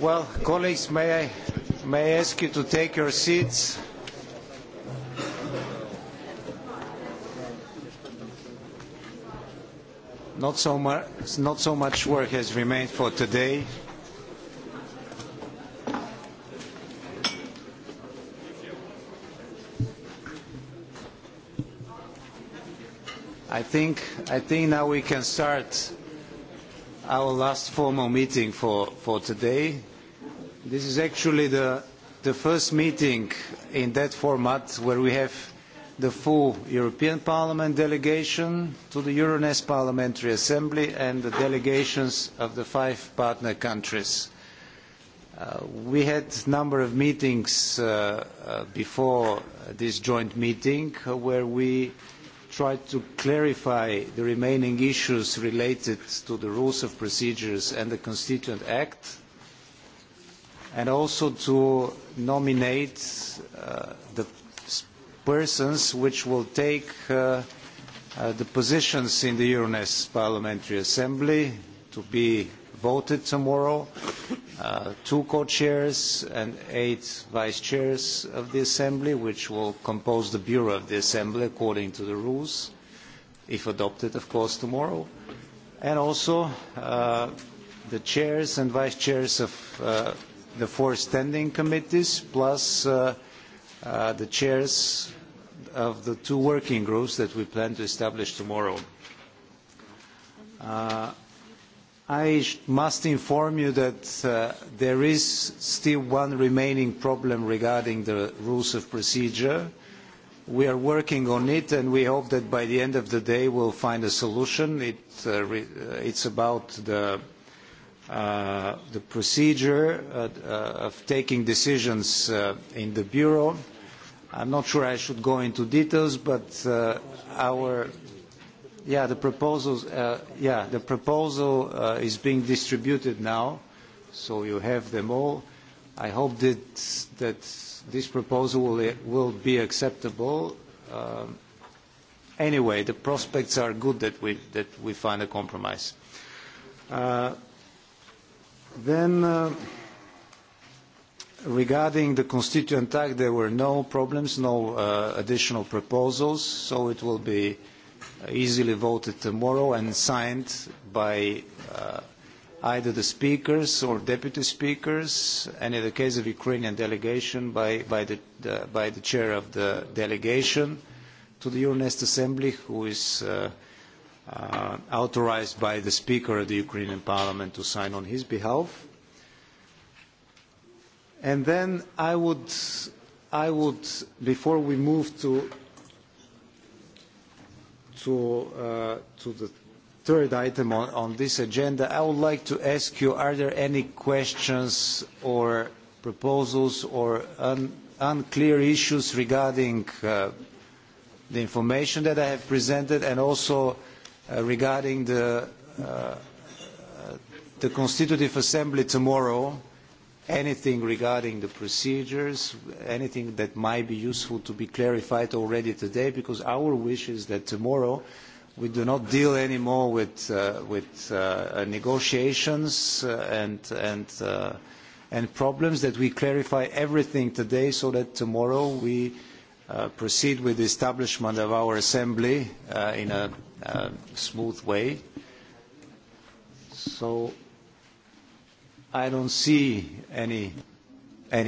Well, colleagues, may I, may I ask you to take your seats? Not so, mu not so much work has remained for today. I think, I think now we can start our last formal meeting for, for today. This is actually the, the first meeting in that format where we have the full European Parliament delegation to the Euronest Parliamentary Assembly and the delegations of the five partner countries. Uh, we had a number of meetings uh, uh, before this joint meeting uh, where we uh, try to clarify the remaining issues related to the rules of procedures and the Constituent Act, and also to nominate uh, the persons which will take uh, uh, the positions in the Euronest Parliamentary Assembly, to be voted tomorrow. Uh, two co-chairs and eight vice-chairs of the Assembly, which will compose the Bureau of the Assembly according to the rules, if adopted, of course, tomorrow. And also uh, the chairs and vice-chairs of uh, the four standing committees, plus uh, uh, the chairs of the two working groups that we plan to establish tomorrow. Uh, I must inform you that uh, there is still one remaining problem regarding the rules of procedure. We are working on it and we hope that by the end of the day we'll find a solution. It, uh, re uh, it's about the, uh, the procedure uh, uh, of taking decisions uh, in the Bureau. I'm not sure I should go into details, but uh, our Yeah, the proposals. Uh, yeah, the proposal uh, is being distributed now, so you have them all. I hope that that this proposal will will be acceptable. Uh, anyway, the prospects are good that we that we find a compromise. Uh, then, uh, regarding the constituent act, there were no problems, no uh, additional proposals, so it will be. Uh, easily voted tomorrow and signed by uh, either the speakers or deputy speakers, and in the case of Ukrainian delegation, by, by, the, the, by the chair of the delegation to the Euronest Assembly, who is uh, uh, authorized by the speaker of the Ukrainian parliament to sign on his behalf. And then I would, I would, before we move to Uh, to the third item on this agenda, I would like to ask you, are there any questions or proposals or unclear issues regarding uh, the information that I have presented and also uh, regarding the constitutive assembly tomorrow? anything regarding the procedures, anything that might be useful to be clarified already today, because our wish is that tomorrow we do not deal anymore with, uh, with uh, uh negotiations uh, and, and, uh, and problems, that we clarify everything today so that tomorrow we uh, proceed with the establishment of our assembly uh, in a uh, smooth way. So... I don't see any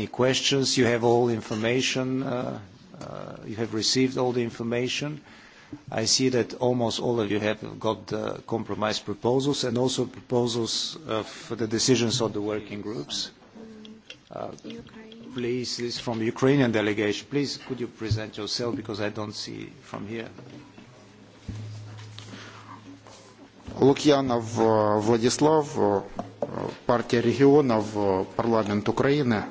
questions. You have all information. Uh, uh, you have received all the information. I see that almost all of you have got the uh, compromise proposals and also proposals of the decisions of the working groups. Please, this is from Ukrainian delegation. Please, could you present yourself because I don't see from here. Лукьянов э, Владислав, э, партия регионов, э, парламент Украины.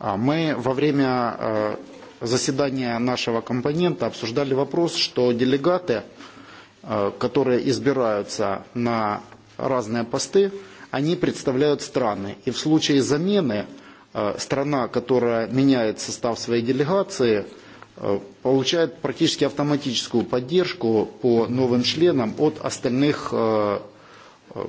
Мы во время заседания нашего компонента обсуждали вопрос, что делегаты, которые избираются на разные посты, они представляют страны. И в случае замены страна, которая меняет состав своей делегации, Э, получают практически автоматическую поддержку по новым членам от остальных э, э,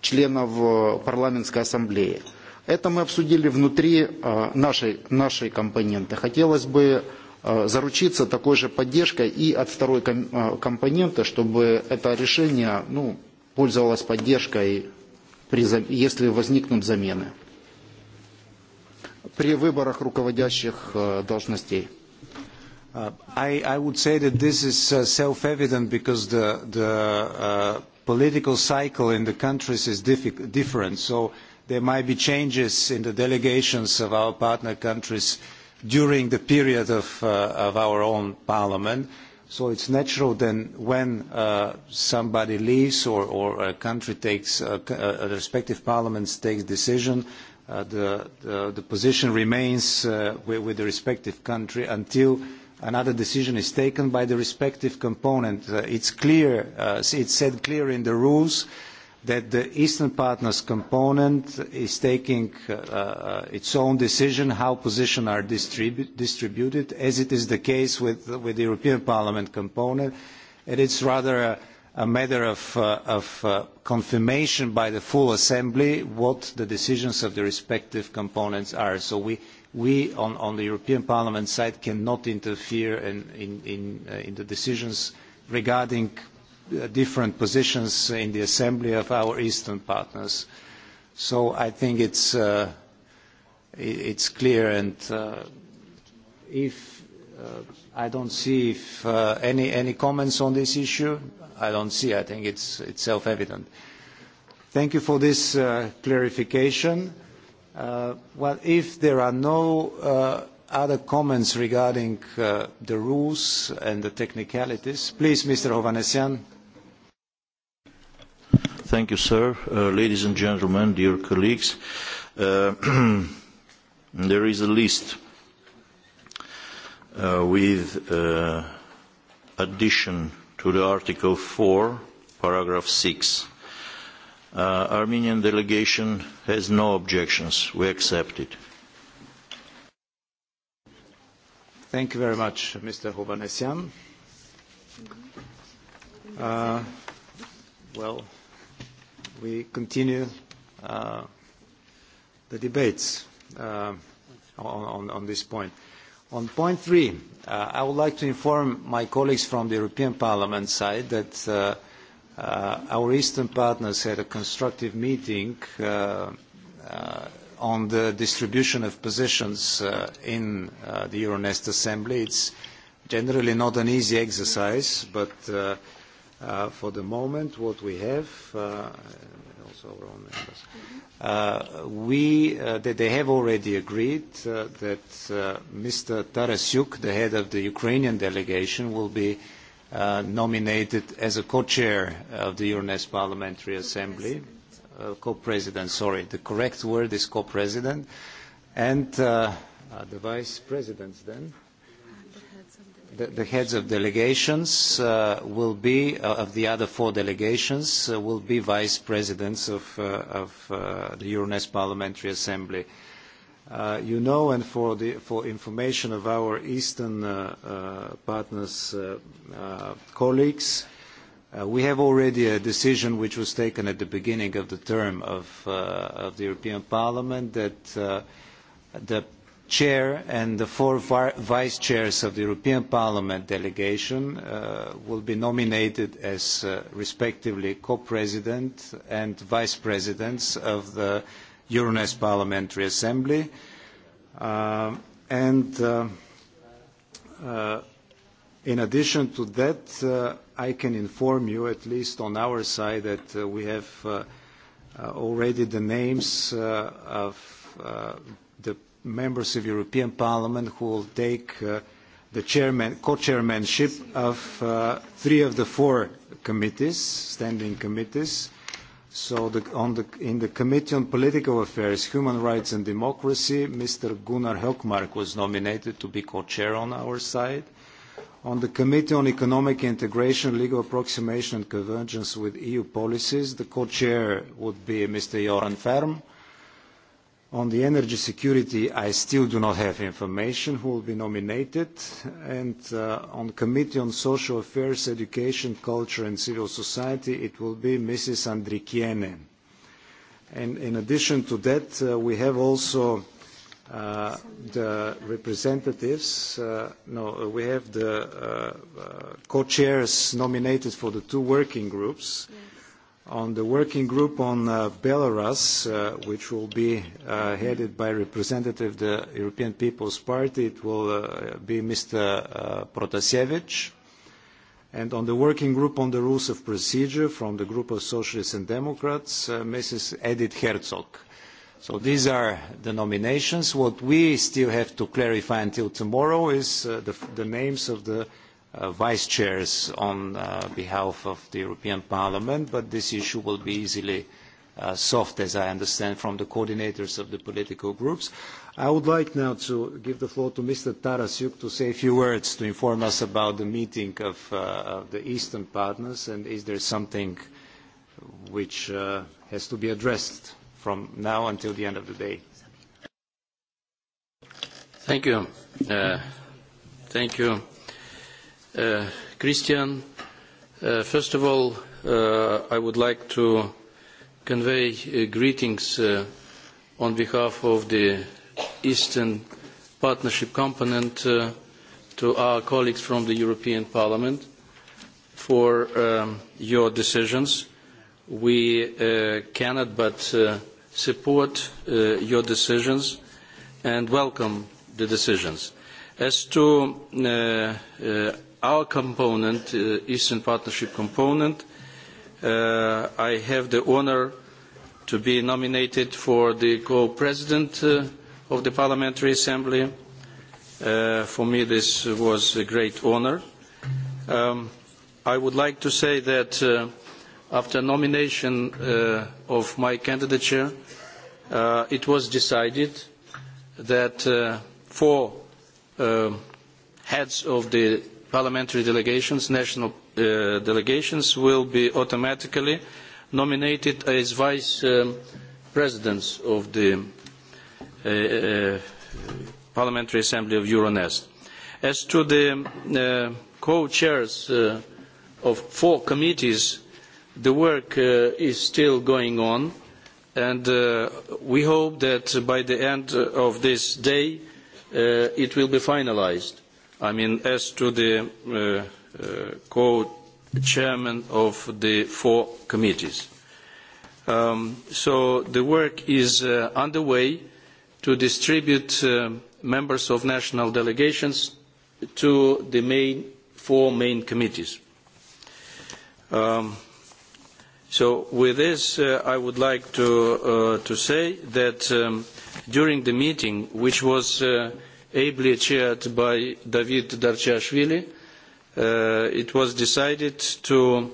членов парламентской ассамблеи. Это мы обсудили внутри нашей, нашей компоненты. Хотелось бы заручиться такой же поддержкой и от второй компоненты, чтобы это решение ну, пользовалось поддержкой, при, если возникнут замены при выборах руководящих должностей. Uh, I would say that this is uh, self-evident because the, the uh, political cycle in the countries is different. So there might be changes in the delegations of our partner countries during the period of, uh, of our own parliament. So it's natural then when uh, somebody leaves or, or a country takes, uh, uh a respective parliament takes decision, uh, the, the, the position remains uh, with, with the respective country until mm -hmm another decision is taken by the respective component. Uh, it's clear, uh, it's said clear in the rules that the Eastern Partners component is taking uh, uh, its own decision how positions are distribu distributed, as it is the case with, with the European Parliament component. And it's rather... Uh, a matter of uh, uh, confirmation by the full assembly what the decisions of the respective components are so we on the european parliament side cannot interfere in uh, the decisions regarding different positions in the assembly of our eastern partners so i think it is clear and if Uh, I don't see if, uh, any, any comments on this issue. I don't see. I think it's, it's self-evident. Thank you for this uh, clarification. Uh, well, if there are no uh, other comments regarding uh, the rules and the technicalities, please, Mr. Hovanesian. Thank you, sir. Uh, ladies and gentlemen, dear colleagues, uh, there is a list uh, with uh, addition to the Article 4, Paragraph 6. Uh, Armenian delegation has no objections. We accept it. Thank you very much, Mr. Hovanesyan. Uh, well, we continue uh, the debates uh, on, on, on this point. On point three, uh, I would like to inform my colleagues from the European Parliament side that uh, uh, our Eastern partners had a constructive meeting uh, uh, on the distribution of positions uh, in uh, the Euronest Assembly. It's generally not an easy exercise, but uh, Uh, for the moment, what we have, uh, also our own members, mm-hmm. uh, we, uh, that they have already agreed uh, that uh, Mr. Tarasyuk, the head of the Ukrainian delegation, will be uh, nominated as a co-chair of the Euronest Parliamentary Assembly. Uh, co-president, sorry, the correct word is co-president. And uh, uh, the vice presidents then. Uh, the heads of delegations uh, will be uh, of the other four delegations uh, will be vice presidents of uh, of uh, the Euronest Parliamentary Assembly. Uh, you know, and for the for information of our Eastern uh, uh, partners, uh, uh, colleagues, uh, we have already a decision which was taken at the beginning of the term of uh, of the European Parliament that uh, the chair and the four vice chairs of the European Parliament delegation uh, will be nominated as uh, respectively co-president and vice presidents of the Euronest Parliamentary Assembly. Uh, and uh, uh, in addition to that, uh, I can inform you, at least on our side, that uh, we have uh, uh, already the names uh, of uh, members of European Parliament who will take uh, the chairman, co-chairmanship of uh, three of the four committees, standing committees. So the, on the, in the Committee on Political Affairs, Human Rights and Democracy, Mr. Gunnar Helkmark was nominated to be co-chair on our side. On the Committee on Economic Integration, Legal Approximation and Convergence with EU Policies, the co-chair would be Mr. Joran Ferm. On the energy security, I still do not have information who will be nominated. And uh, on Committee on Social Affairs, Education, Culture and Civil Society, it will be Mrs. Andrikiene. And in addition to that, uh, we have also uh, the representatives, uh, no, uh, we have the uh, uh, co-chairs nominated for the two working groups. Yeah on the working group on uh, Belarus, uh, which will be uh, headed by representative of the European People's Party, it will uh, be Mr. Uh, Protasevich. And on the working group on the rules of procedure from the group of socialists and democrats, uh, Mrs. Edith Herzog. So these are the nominations. What we still have to clarify until tomorrow is uh, the, the names of the uh, Uh, vice chairs on uh, behalf of the European Parliament, but this issue will be easily uh, soft, as I understand, from the coordinators of the political groups. I would like now to give the floor to Mr. Tarasyuk to say a few words to inform us about the meeting of, uh, of the Eastern partners and is there something which uh, has to be addressed from now until the end of the day. Thank you. Uh, thank you uh, Christian. Uh, first of all, uh, I would like to convey uh, greetings uh, on behalf of the Eastern Partnership component uh, to our colleagues from the European Parliament for um, your decisions. We uh, cannot but uh, support uh, your decisions and welcome the decisions. As to uh, uh, our component, uh, Eastern Partnership component, uh, I have the honor to be nominated for the co-president uh, of the Parliamentary Assembly. Uh, for me, this was a great honor. Um, I would like to say that uh, after nomination uh, of my candidature, uh, it was decided that uh, four uh, heads of the parliamentary delegations, national uh, delegations, will be automatically nominated as vice um, presidents of the uh, uh, Parliamentary Assembly of Euronest. As to the um, uh, co-chairs uh, of four committees, the work uh, is still going on, and uh, we hope that by the end of this day, uh, it will be finalized. I mean, as to the uh, uh, co-chairman of the four committees. Um, so the work is uh, underway to distribute uh, members of national delegations to the main, four main committees. Um, so with this, uh, I would like to, uh, to say that um, during the meeting, which was uh, ably chaired by David Darciashvili, uh, it was decided to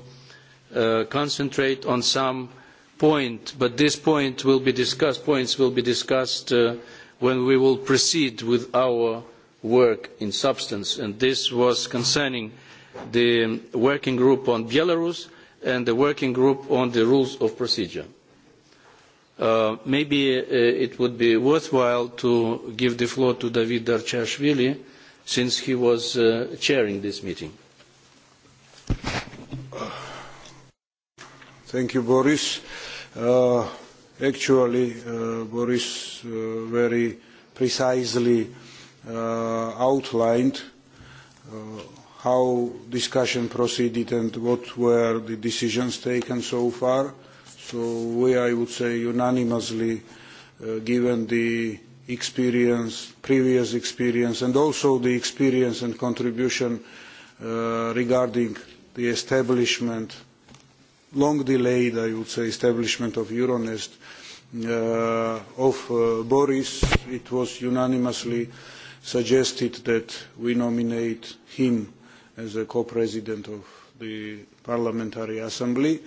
uh, concentrate on some point, but this point will be discussed, points will be discussed uh, when we will proceed with our work in substance. And this was concerning the working group on Belarus and the working group on the rules of procedure. Uh, maybe uh, it would be worthwhile to give the floor to David Darchashvili, since he was uh, chairing this meeting. Thank you, Boris. Uh, actually, uh, Boris uh, very precisely uh, outlined uh, how discussion proceeded and what were the decisions taken so far. So we, I would say, unanimously, uh, given the experience, previous experience, and also the experience and contribution, uh, regarding the establishment, long delayed, I would say, establishment of Euronext, uh, of Boris, it was unanimously suggested that we nominate him as a co-president of the Parliamentary Assembly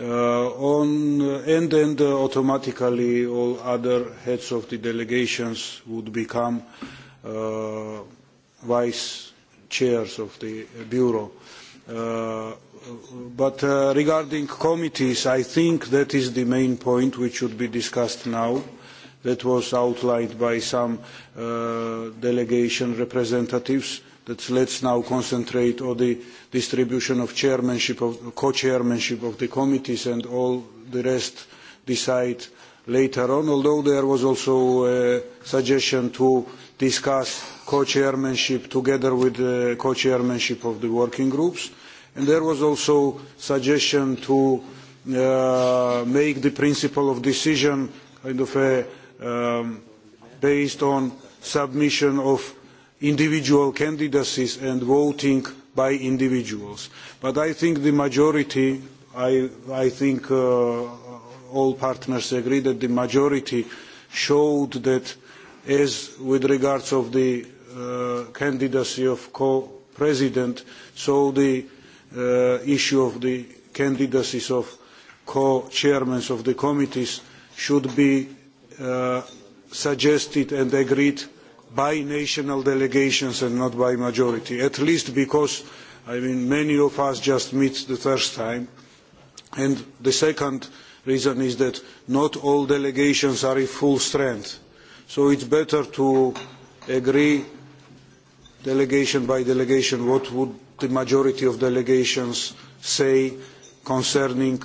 uh, on, uh, and then uh, automatically all other heads of the delegations would become uh, vice chairs of the bureau. Uh, but uh, regarding committees, I think that is the main point which should be discussed now. That was outlined by some uh, delegation representatives. Uh, that let's now concentrate on the distribution of chairmanship of co-chairmanship of the committees and all the rest decide later on although there was also a suggestion to discuss co-chairmanship together with the co-chairmanship of the working groups and there was also suggestion to uh, make the principle of decision kind of a um, based on submission of individual candidacies and voting by individuals. But I think the majority, I, I think uh, all partners agree that the majority showed that as with regards of the uh, candidacy of co-president, so the uh, issue of the candidacies of co-chairmen of the committees should be uh, suggested and agreed by national delegations and not by majority, at least because I mean, many of us just meet the first time. And the second reason is that not all delegations are in full strength. So it's better to agree delegation by delegation what would the majority of delegations say concerning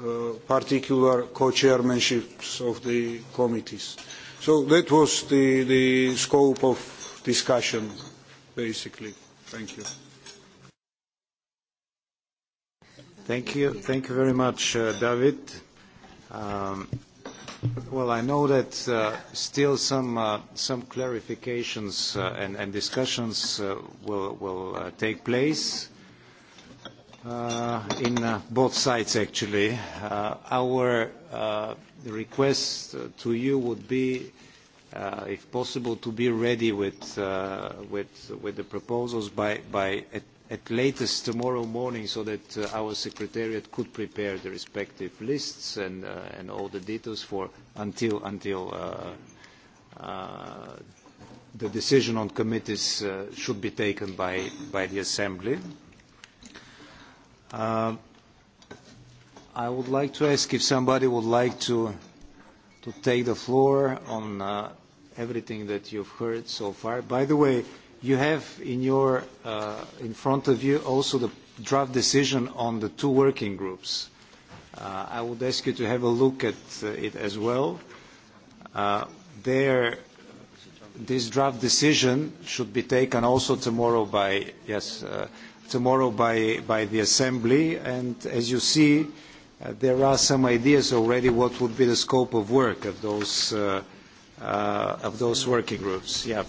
uh, particular co-chairmanships of the committees. So that was the, the scope of discussion, basically. Thank you. Thank you. Thank you very much, uh, David. Um, well, I know that uh, still some, uh, some clarifications uh, and, and discussions uh, will, will uh, take place. Uh, in uh, both sides actually. Uh, our uh, request uh, to you would be, uh, if possible, to be ready with, uh, with, with the proposals by, by at, at latest tomorrow morning so that uh, our secretariat could prepare the respective lists and, uh, and all the details for until, until uh, uh, the decision on committees uh, should be taken by, by the Assembly. Uh, I would like to ask if somebody would like to to take the floor on uh, everything that you've heard so far. By the way, you have in your uh, in front of you also the draft decision on the two working groups. Uh, I would ask you to have a look at uh, it as well. Uh, there, this draft decision should be taken also tomorrow by yes. Uh, tomorrow by, by the Assembly. And as you see, uh, there are some ideas already what would be the scope of work of those, uh, uh, of those working groups. Yeah.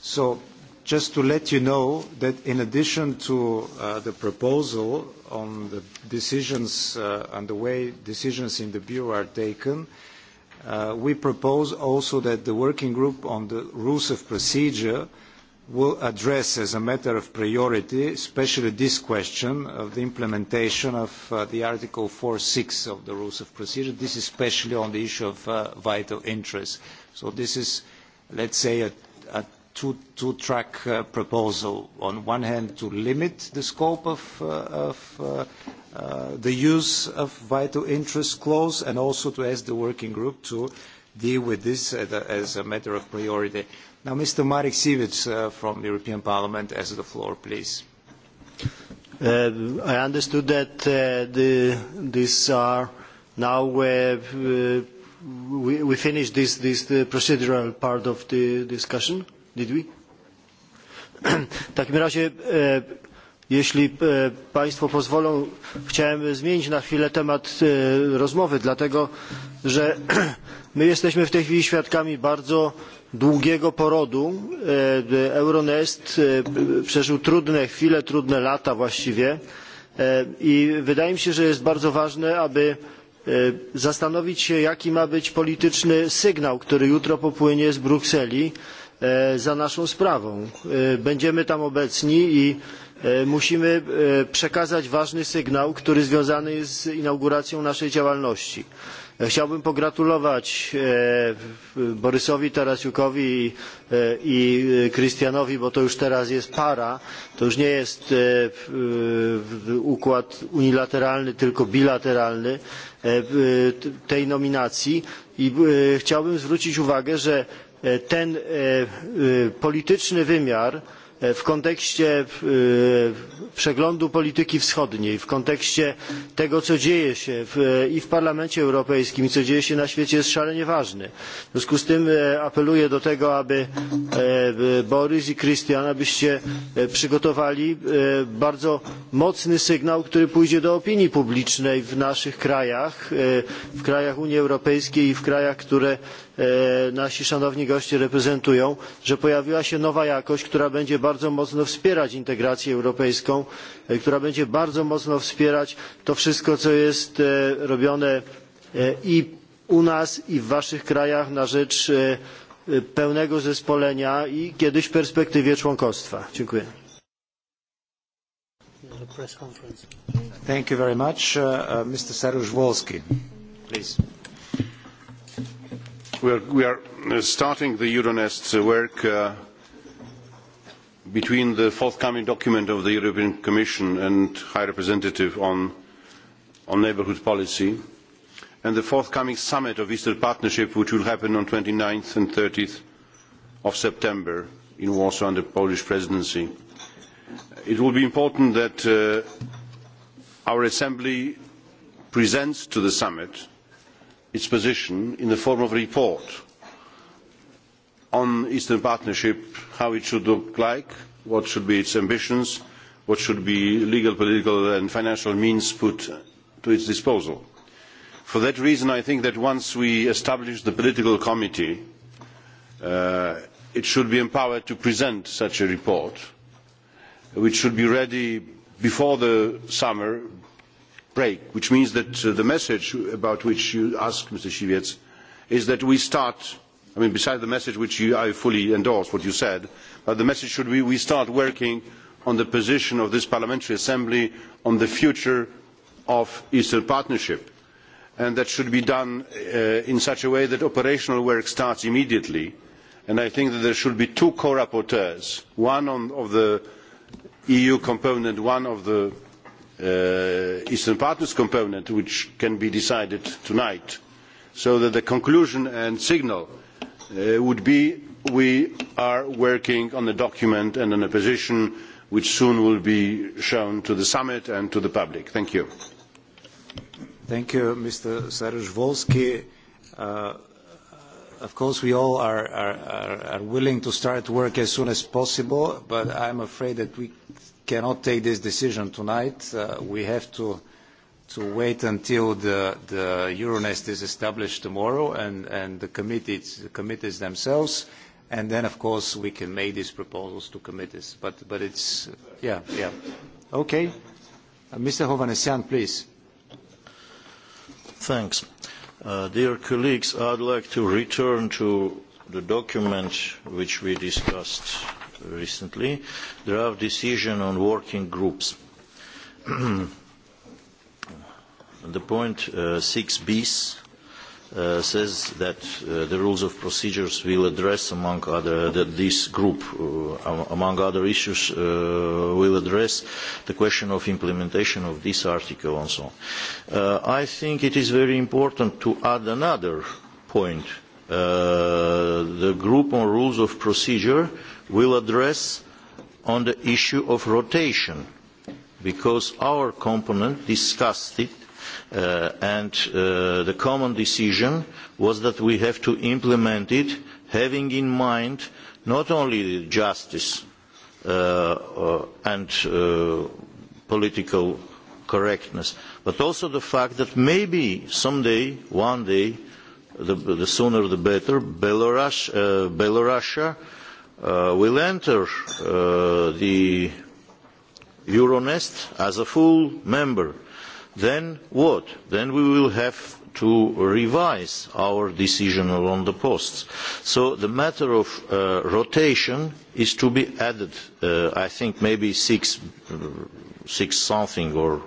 So just to let you know that in addition to uh, the proposal on the decisions uh, and the way decisions in the Bureau are taken, uh, we propose also that the working group on the rules of procedure uh, will address as a matter of priority especially this question of the implementation of uh, the article 46 of the rules of procedure this is especially on the issue of uh, vital interest so this is let's say a, a two two track uh, proposal on one hand to limit the scope of uh, of uh, uh, the use of vital interest clause and also to ask the working group to deal with this as a, as a matter of priority. Now, Mr. Marek Sivic uh, from the European Parliament has the floor, please. Uh, I understood that uh, the, these are now uh, we, we finished this, this the procedural part of the discussion, did we? W takim razie, e, jeśli e, Państwo pozwolą, chciałem zmienić na chwilę temat e, rozmowy, dlatego że my jesteśmy w tej chwili świadkami bardzo długiego porodu e, Euronest e, przeżył trudne chwile, trudne lata właściwie e, i wydaje mi się, że jest bardzo ważne, aby zastanowić się, jaki ma być polityczny sygnał, który jutro popłynie z Brukseli. E, za naszą sprawą. E, będziemy tam obecni i e, musimy przekazać ważny sygnał który związany jest z inauguracją naszej działalności. chciałbym pogratulować borysowi tarasiukowi i krystianowi bo to już teraz jest para to już nie jest układ unilateralny tylko bilateralny tej nominacji i chciałbym zwrócić uwagę że E, ten e, e, polityczny wymiar w kontekście przeglądu polityki wschodniej w kontekście tego co dzieje się i w parlamencie europejskim i co dzieje się na świecie jest szalenie ważny. w związku z tym apeluję do tego aby borys i christian abyście przygotowali bardzo mocny sygnał który pójdzie do opinii publicznej w naszych krajach w krajach unii europejskiej i w krajach które E, nasi szanowni goście reprezentują że pojawiła się nowa jakość która będzie bardzo mocno wspierać integrację europejską e, która będzie bardzo mocno wspierać to wszystko co jest e, robione i u nas i w waszych krajach na rzecz pełnego zespolenia i kiedyś w perspektywie członkostwa. Dziękuję. Thank you very much. Uh, uh, Mr. Serge Wolski, please we are uh, starting the euronest uh, work uh, between the forthcoming document of the European Commission and High Representative on, on neighbourhood policy and the forthcoming summit of Eastern Partnership which will happen on 29th and 30th of September in Warsaw under Polish presidency. It will be important that uh, our Assembly presents to the summit its position in the form of a report on the eastern partnership how it should look like what should be its ambitions what should be the legal political and financial means put to its disposal. for that reason i think that once we establish the political committee uh, it should be empowered to present such a report which should be ready before the summer break which means that uh, the message about which you asked mr siwiec is that we start i mean besides the message which i fully endorse what you said but the message should be we start working on the position of this parliamentary assembly on the future of the eastern partnership and that should be done uh, in such a way that operational work starts immediately and i think that there should be two co-rapporteurs one on of the eu component one of the Uh, eastern partners component which can be decided tonight so that the conclusion and signal uh, would be that we are working on a document and on a position which will soon be shown to the summit and to the public. thank you. thank you mr saryusz-wolski. Uh, of course we all are, are, are willing to start work as soon as possible but i am afraid that we cannot take this decision tonight. Uh, we have to wait until the Euronext is established tomorrow and the committees themselves, and then, of course, we can make these proposals to committees. But it's... Yeah, yeah. Okay. Uh, Mr. Hovhannissian, please. Thanks. Uh, dear colleagues, I'd like to return to the document which we discussed recently, draft decision on working groups. the point uh, 6b uh, says that uh, the rules of procedures will address, among other, that this group, uh, among other issues, uh, will address the question of implementation of this article and so on. Uh, I think it is very important to add another point. Uh, the group on rules of procedure uh, will address on the issue of rotation because our component discussed it uh, and uh, the common decision was that we have to implement it having in mind not only justice uh, uh, and uh, political correctness but also the fact that maybe someday, one day, the, the sooner the better, Belarus, uh, Belarusia Uh, will enter uh, the Euronest as a full member, then what? Then we will have to revise our decision on the posts. So the matter of uh, rotation is to be added, uh, I think maybe six, six something or uh,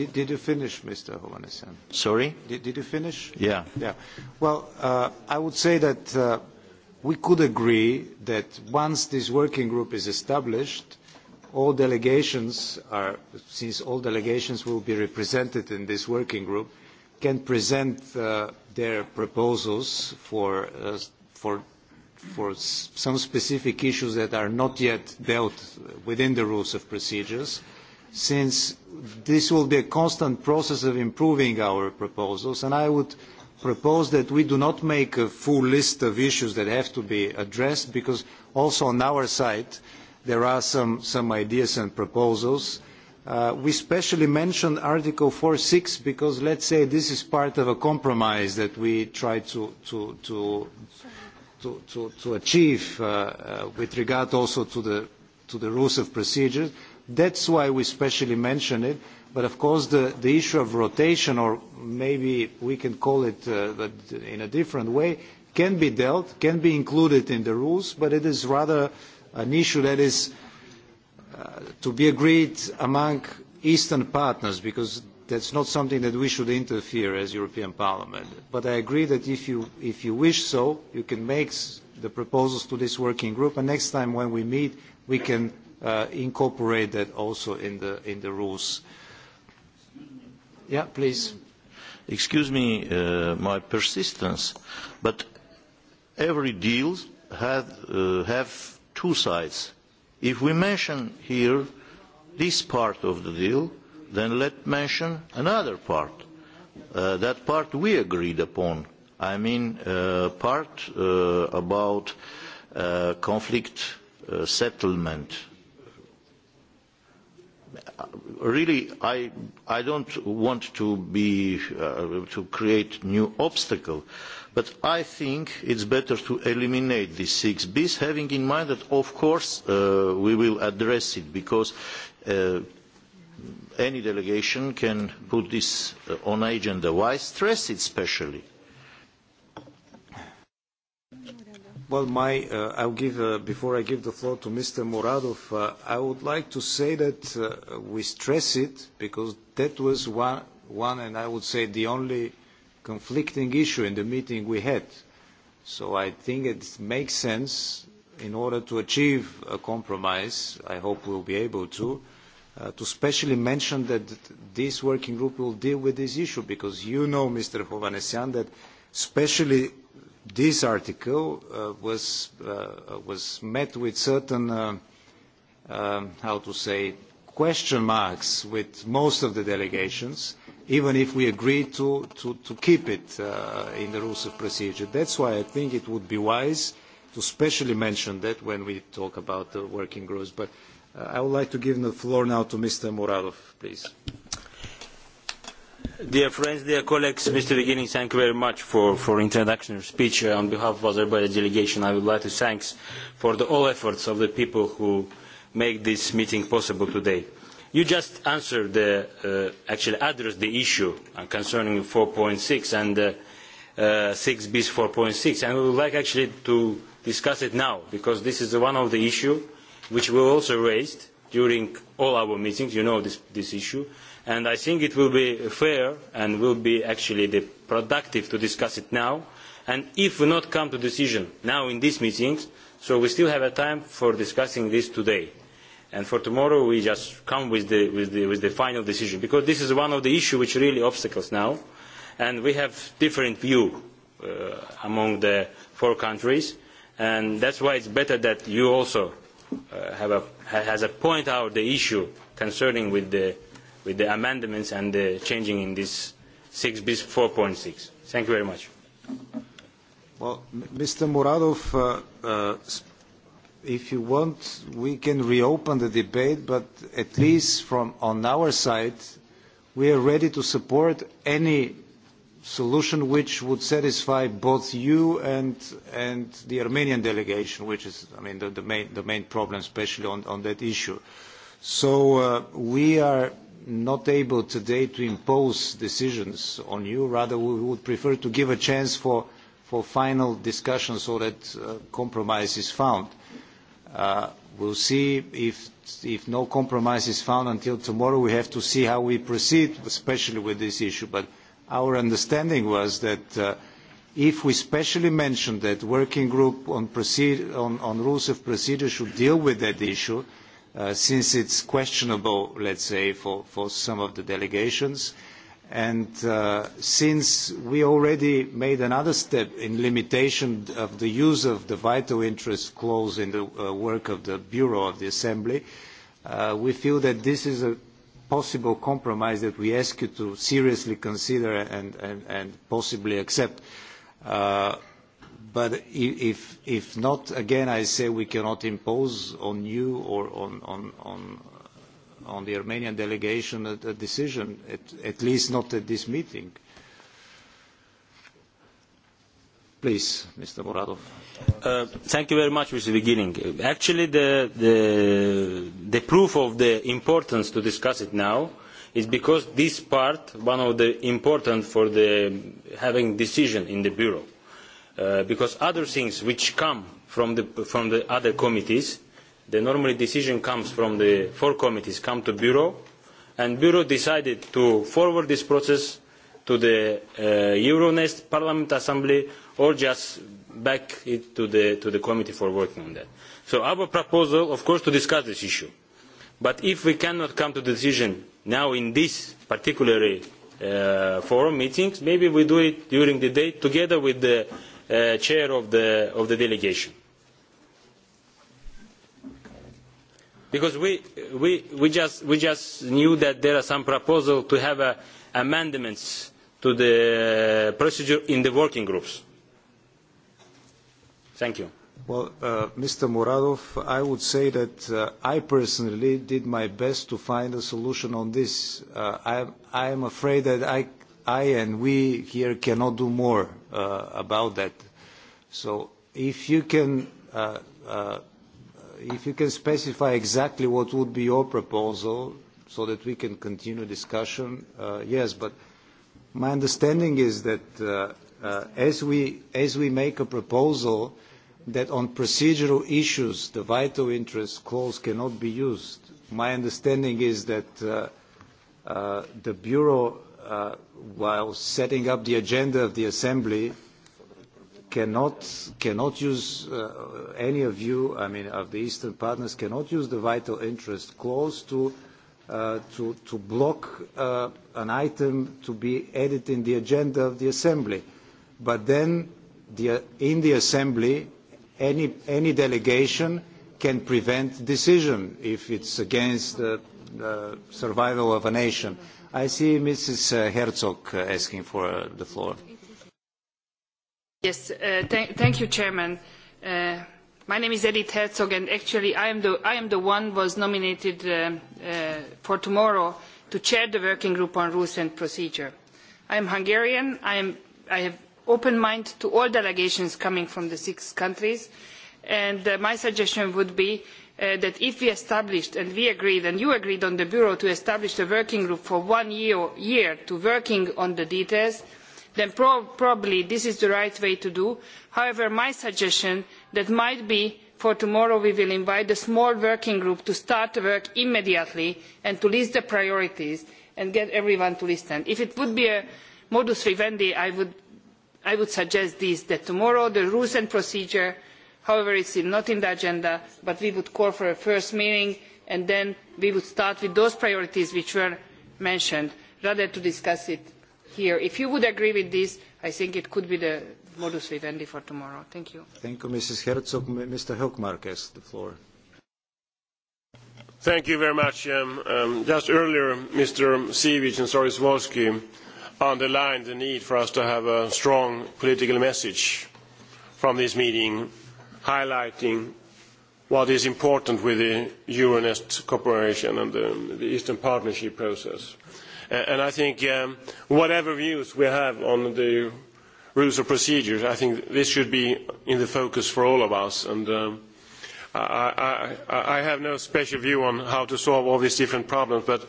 did, did you finish, Mr. Hovanesan? Sorry? Did, did you finish? Yeah. yeah. Well, uh, I would say that uh, we could agree that once this working group is established, all delegations are, since all delegations will be represented in this working group, can present uh, their proposals for, uh, for, for some specific issues that are not yet dealt within the rules of procedures since this will be a constant process of improving our proposals, and I would propose that we do not make a full list of issues that have to be addressed, because also on our side there are some, some ideas and proposals. Uh, we specially mentioned Article 4.6 because, let's say, this is part of a compromise that we try to, to, to, to, to, to achieve uh, uh, with regard also to the, to the rules of procedure that 's why we specially mention it, but of course the the issue of rotation or maybe we can call it uh, in a different way can be dealt can be included in the rules, but it is rather an issue that is uh, to be agreed among Eastern partners, because that's not something that we should interfere as European Parliament. But I agree that if you, if you wish so, you can make the proposals to this working group, and next time when we meet, we can Uh, incorporate that also in the in the rules. Yeah, please. Excuse me, uh, my persistence, but every deal has uh, have two sides. If we mention here this part of the deal, then let mention another part. Uh, that part we agreed upon. I mean, uh, part uh, about uh, conflict uh, settlement. Uh, really, I, I don't want to, be, uh, to create new obstacle, but I think it's better to eliminate these six Bs, having in mind that, of course, uh, we will address it, because uh, any delegation can put this uh, on agenda. Why stress it specially? Well, my, uh, I'll give, uh, before I give the floor to Mr. Muradov, uh, I would like to say that uh, we stress it because that was one, one, and I would say the only conflicting issue in the meeting we had. So I think it makes sense in order to achieve a compromise, I hope we'll be able to, uh, to specially mention that this working group will deal with this issue because you know, Mr. Hovanesyan, that specially this article uh, was uh, uh, was met with certain uh, uh, how to say question marks with most of the delegations, even if we agreed to, to, to keep it uh, in the rules of procedure. That's why I think it would be wise to specially mention that when we talk about the working groups. But uh, I would like to give the floor now to Mr. Muradov, please. Uh, Dear friends, dear colleagues, Mr. Beginning, thank you very much for, for introduction of speech. Uh, on behalf of Azerbaijan delegation, I would like to thank for the all efforts of the people who make this meeting possible today. You just answered the, uh, actually addressed the issue uh, concerning 4.6 and uh, uh, 6bis 4.6, and we would like actually to discuss it now, because this is one of the issues which we also raised during all our meetings, you know this, this issue and i think it will be fair and will be actually productive to discuss it now and if we do not come to a decision now in these meetings so we still have time for discussing this today and for tomorrow we just come with the, with the, with the final decision because this is one of the issues which really obstacles now and we have different view uh, among the four countries and that's why it's better that you also uh, have a, has a point out the issue concerning with the with the amendments and the changing in this 6 bis 4.6. Thank you very much. Well, Mr. Muradov, uh, uh, if you want, we can reopen the debate, but at least from on our side, we are ready to support any solution which would satisfy both you and, and the Armenian delegation, which is, I mean, the, the, main, the main problem, especially on, on that issue. So uh, we are not able today to impose decisions on you. Rather, we would prefer to give a chance for, for final discussion so that uh, compromise is found. Uh, we'll see if, if no compromise is found until tomorrow. We have to see how we proceed, especially with this issue. But our understanding was that uh, if we specially mentioned that working group on, proceed, on, on rules of procedure should deal with that issue, uh, Uh, since it's questionable, let's say, for, for some of the delegations. And uh, since we already made another step in limitation of the use of the vital interest clause in the uh, work of the Bureau of the Assembly, uh, we feel that this is a possible compromise that we ask you to seriously consider and, and, and possibly accept. Uh, but if if not, again, I say we cannot impose on you or on on on on the Armenian delegation a, a decision. At, at least not at this meeting. Please, Mr. Moradov. Uh, thank you very much, Mr. Beginning. Actually, the, the, the proof of the importance to discuss it now is because this part, one of the important for the, having decision in the Bureau. Uh, because other things which come from the, from the other committees, the normally decision comes from the four committees, come to Bureau, and Bureau decided to forward this process to the uh, Euronest Parliament Assembly or just back it to the, to the committee for working on that. So our proposal, of course, to discuss this issue. But if we cannot come to the decision now in this particular uh, forum meetings, maybe we do it during the day together with the uh, uh, chair of the, of the delegation. Because we, we, we, just, we just knew that there are some proposals to have uh, amendments to the procedure in the working groups. Thank you. Well, uh, Mr. Muradov, I would say that uh, I personally did my best to find a solution on this. Uh, I, I am afraid that I I and we here cannot do more uh, about that. So if you can, uh, uh, if you can specify exactly what would be your proposal so that we can continue discussion, uh, yes, but my understanding is that uh, uh, as, we, as we make a proposal that on procedural issues, the vital interest clause cannot be used, my understanding is that uh, uh, the Bureau Uh, while setting up the agenda of the assembly cannot cannot use uh, any of you i mean of the eastern partners cannot use the vital interest clause to uh, to to block uh, an item to be added in the agenda of the assembly but then the uh, in the assembly any any delegation can prevent decision if it's against the uh, survival of a nation uh, my name is edit herzog and actually i am the one who was nominated uh, uh, for tomorrow to chair the working group on rules and procedure. i am hungarian. i have an open mind to all delegations coming from the six countries and uh, my suggestion would be Uh, that if we established and we agreed and you agreed on the bureau to establish a working group for one year, year to working on the details then pro probably this is the right way to do. however my suggestion that might be for tomorrow we will invite a small working group to start work immediately and to list the priorities and get everyone to listen. if it would be a modus vivendi i would, I would suggest this that tomorrow the rules and procedure however it is not on the agenda but we would call for a first meeting and then we would start with those priorities which were mentioned rather than discussing it here. if you would agree with this i think it could be the modus vivendi for tomorrow. thank you. thank you mrs herzog. mr hochmark has the floor. thank you very much. Um, um, just earlier mr sivic and soroszewski underlined the need for us to have a strong political message from this meeting highlighting what is important with the euronest cooperation and the, the eastern partnership process. and i think um, whatever views we have on the rules of procedures, i think this should be in the focus for all of us. and um, I, I, I have no special view on how to solve all these different problems, but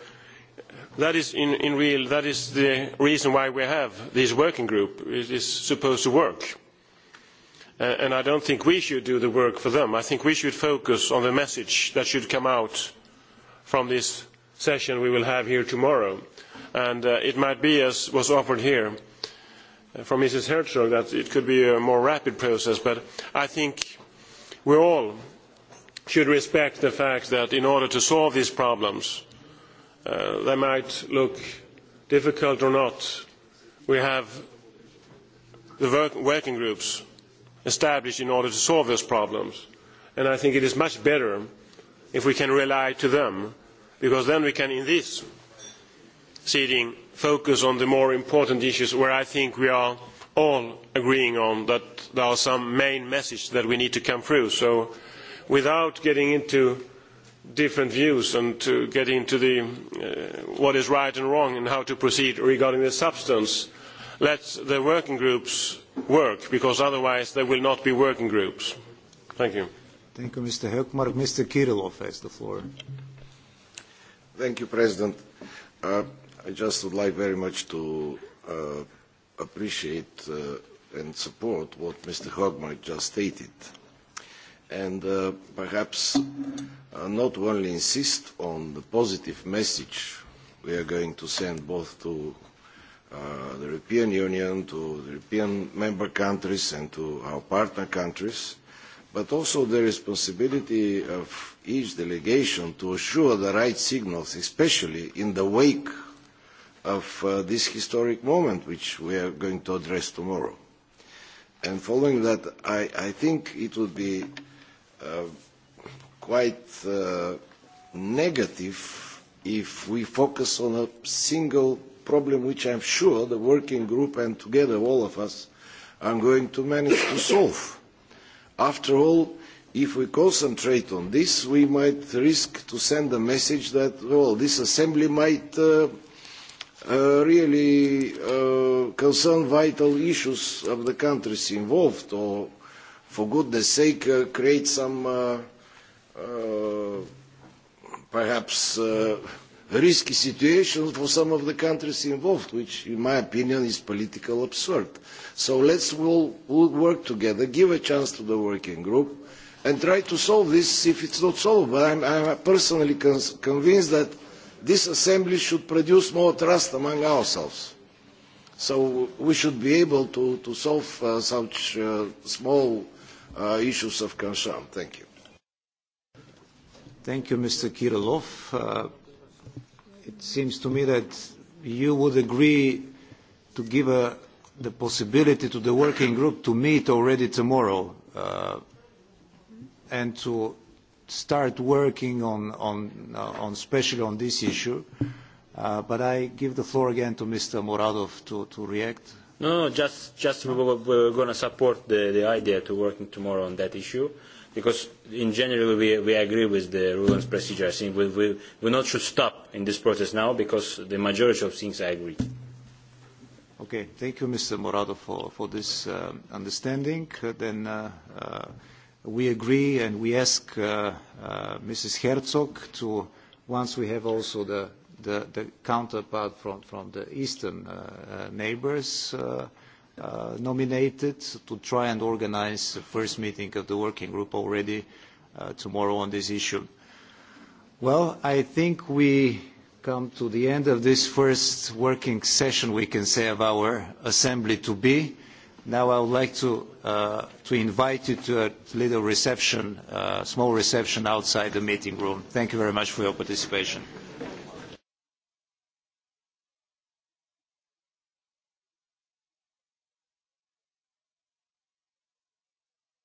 that is in, in real, that is the reason why we have this working group. it is supposed to work. Uh, and i do not think we should do the work for them i think we should focus on the message that should come out from this session we will have here tomorrow and uh, it might be as was offered here uh, from mrs herczog that it could be a more rapid process but i think we all should respect the fact that in order to solve these problems uh, they might look difficult or not we have the work, working groups established in order to solve those problems. I think it is much better if we can rely on them because then we can in this seating focus on the more important issues where I think we are all agreeing on that there are some main messages that we need to come through. So without getting into different views and to get into the, uh, what is right and wrong and how to proceed regarding the substance, uh, let the working groups work because otherwise there will not be working groups. thank you. thank you, mr. Hökmark. mr. kirillov has the floor. thank you, president. Uh, i just would like very much to uh, appreciate uh, and support what mr. Hökmark just stated. And uh, perhaps uh, not only insist on the positive message we are going to send both to Uh, the European Union, to the European member countries and to our partner countries, but also the responsibility of each delegation to assure the right signals, especially in the wake of uh, this historic moment which we are going to address tomorrow. And following that, I, I think it would be uh, quite uh, negative if we focus on a single problem which I'm sure the working group and together all of us are going to manage to solve. After all, if we concentrate on this, we might risk to send a message that, well, this assembly might uh, uh, really uh, concern vital issues of the countries involved or, for goodness sake, uh, create some uh, uh, perhaps uh, risky situations for some of the countries involved which in my opinion is politically absurd. so let us all work together give a chance to the working group and try to solve this if it is not solved. i am personally convinced that this assembly should produce more trust among ourselves so we should be able to, to solve uh, such uh, small uh, issues of concern. thank you. thank you, mr. kirilov. Uh, it seems to me that you would agree to give a, uh, the possibility to the working group to meet already tomorrow uh, and to start working on, on, uh, on especially on this issue. Uh, but I give the floor again to Mr. Moradov to, to react. No, no, just, just we're going to support the, the idea to working tomorrow on that issue because in general we, we agree with the rules procedure. I think we, we, we not should stop in this process now because the majority of things I agree. Okay, thank you, Mr. Morado, for, for this um, understanding. Uh, then uh, uh, we agree and we ask uh, uh, Mrs. Herzog to, once we have also the, the, the counterpart from, from the eastern uh, uh, neighbors, uh, uh, nominated to try and organize the first meeting of the working group already uh, tomorrow on this issue. Well, I think we come to the end of this first working session, we can say, of our assembly to be. Now I would like to, uh, to invite you to a little reception, uh, small reception outside the meeting room. Thank you very much for your participation.